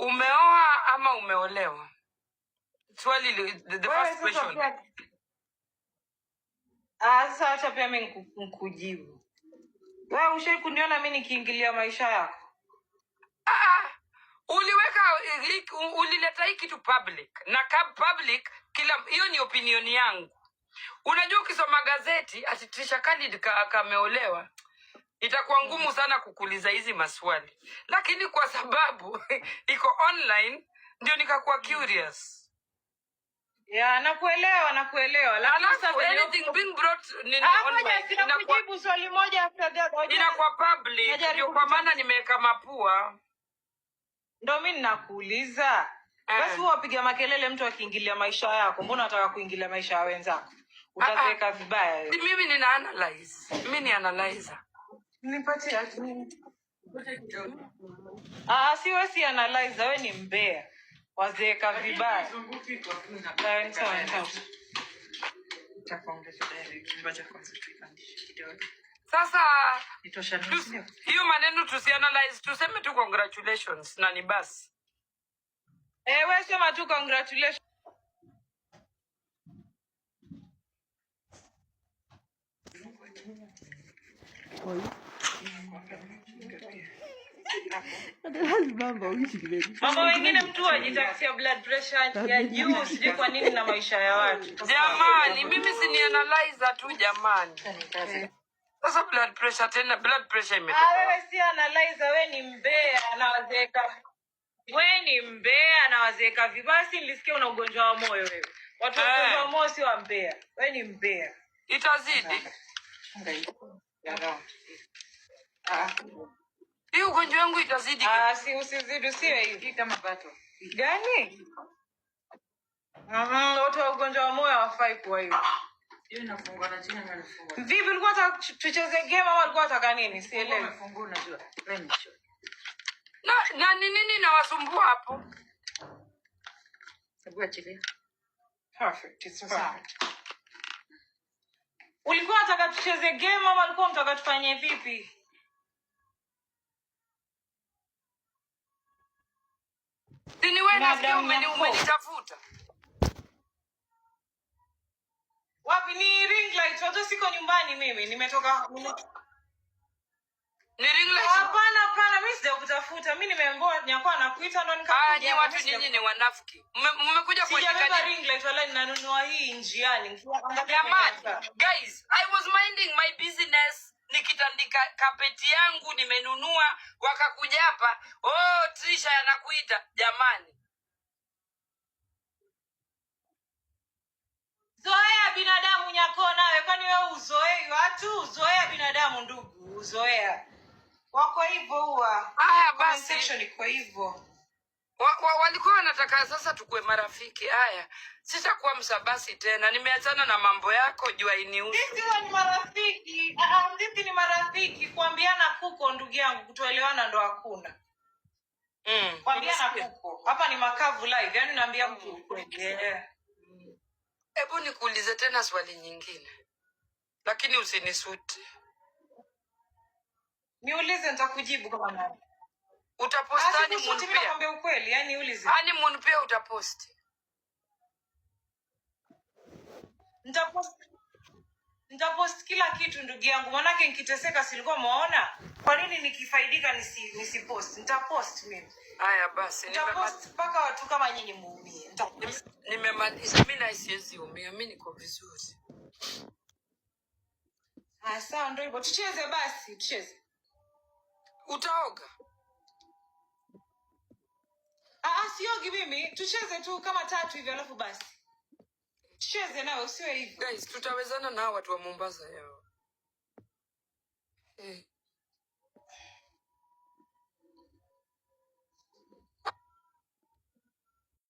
Umeoa ama umeolewa? Swali the, the first question. ah, sasa wacha pia mimi niku- nikujibu. Wewe ushai kuniona mimi nikiingilia maisha yako? Ah, ah. uliweka hii- ulileta hii kitu public na kab public kila hiyo ni opinion yangu unajua ukisoma gazeti atitisha Trisha Khalid ka, kameolewa itakuwa ngumu sana kukuuliza hizi maswali, lakini kwa sababu iko online ndio nikakuwa curious. Yeah, nakuelewa, nakuelewa. Ah, nakujibu swali moja after the other. Inakuwa public ndio kwa maana nimeweka mapua. Ndio mimi ninakuuliza. Eh. Basi wapiga makelele mtu akiingilia maisha yako, mbona unataka kuingilia maisha ya wenzako? Ah, ah. Utaziweka vibaya. Mimi nina analyze. Mimi ni analyzer. Nipatie ah, ah, si wewe we ni mbea. Wazeeka vibaya. Zunguki kwa kuna. Sawa, maneno tusianalyze, tuseme tu congratulations na ni basi. Eh, sema tu congratulations. Oi. Lazima wengine mtu ajitafutia blood pressure ya juu, sijui kwa nini na maisha ya watu. Jamani, mimi si ni tu jamani. Sasa blood pressure tena blood pressure imetoka. Ah, wewe si analyze, wewe ni mbea na wazeeka. Wewe ni mbea na wazeeka. Vibasi nilisikia una ugonjwa wa moyo wewe. Watu wa eh. moyo si wa mbea. Wewe ni mbea. Itazidi. Ah. Hii ugonjwa wangu itazidi. Ah, si usizidi usiwe hivi kama pato. Gani? Mhm, wote ugonjwa wa moyo hawafai kuwa hivi. Hiyo Vipi ulikuwa unataka tucheze game au ulikuwa unataka nini? Sielewi. Na na nini nini nawasumbua hapo? Sababu achilia. Perfect. It's perfect. Ulikuwa unataka tucheze game au ulikuwa unataka tufanye vipi? Umenitafuta wapi? Ni ring light, wajua siko nyumbani mimi, nimetoka. Hapana, hapana, mimi sija kutafuta, mimi nimeambiwa nyakuwa nakuita ndo nikakuja. Ah, watu nyinyi ni wanafiki, mmekuja kwa ring light, wala ninanunua hii njiani. Jamani, guys, I was minding my business nikitandika kapeti yangu nimenunua, wakakuja hapa oh kisha yanakuita jamani. Zoea binadamu nyako nawe, kwani wewe uzoei watu? Uzoea binadamu ndugu, uzoea wako hivyo huwa. Haya basi, ni kwa hivyo wa, wa, walikuwa wanataka sasa tukue marafiki. Haya, sitakuwa msabasi tena, nimeachana na mambo yako. Jua iniusu ni marafiki, ah, ah, sisi ni marafiki. Kuambiana kuko ndugu yangu, kutoelewana ndo hakuna. Kwambia mm. na kuko. Hapa ni makavu live. Yaani naambia mtu ukweli. Hebu nikuulize tena swali nyingine. Lakini usinisuti. Niulize nitakujibu kama nani. Utaposta ah, honeymoon pia. Nakwambia ukweli, yani ulize. Honeymoon pia utaposti. Nitapost. Nitapost kila kitu ndugu yangu, manake nikiteseka silikuwa maona. Kwa nini nikifaidika nisi nisipost? Nitapost mimi. Haya basi, nitapost mpaka watu kama nyinyi muumie. Nimemaliza mimi na siwezi umia, mimi niko vizuri. Ah, sawa ndio hivyo. Tucheze basi, tucheze. Utaoga? Ah, ah, siogi mimi. Tucheze tu kama tatu hivyo alafu basi. Tucheze nao usiwe hivyo. Guys, tutawezana na watu wa Mombasa yao. Hey. Eh.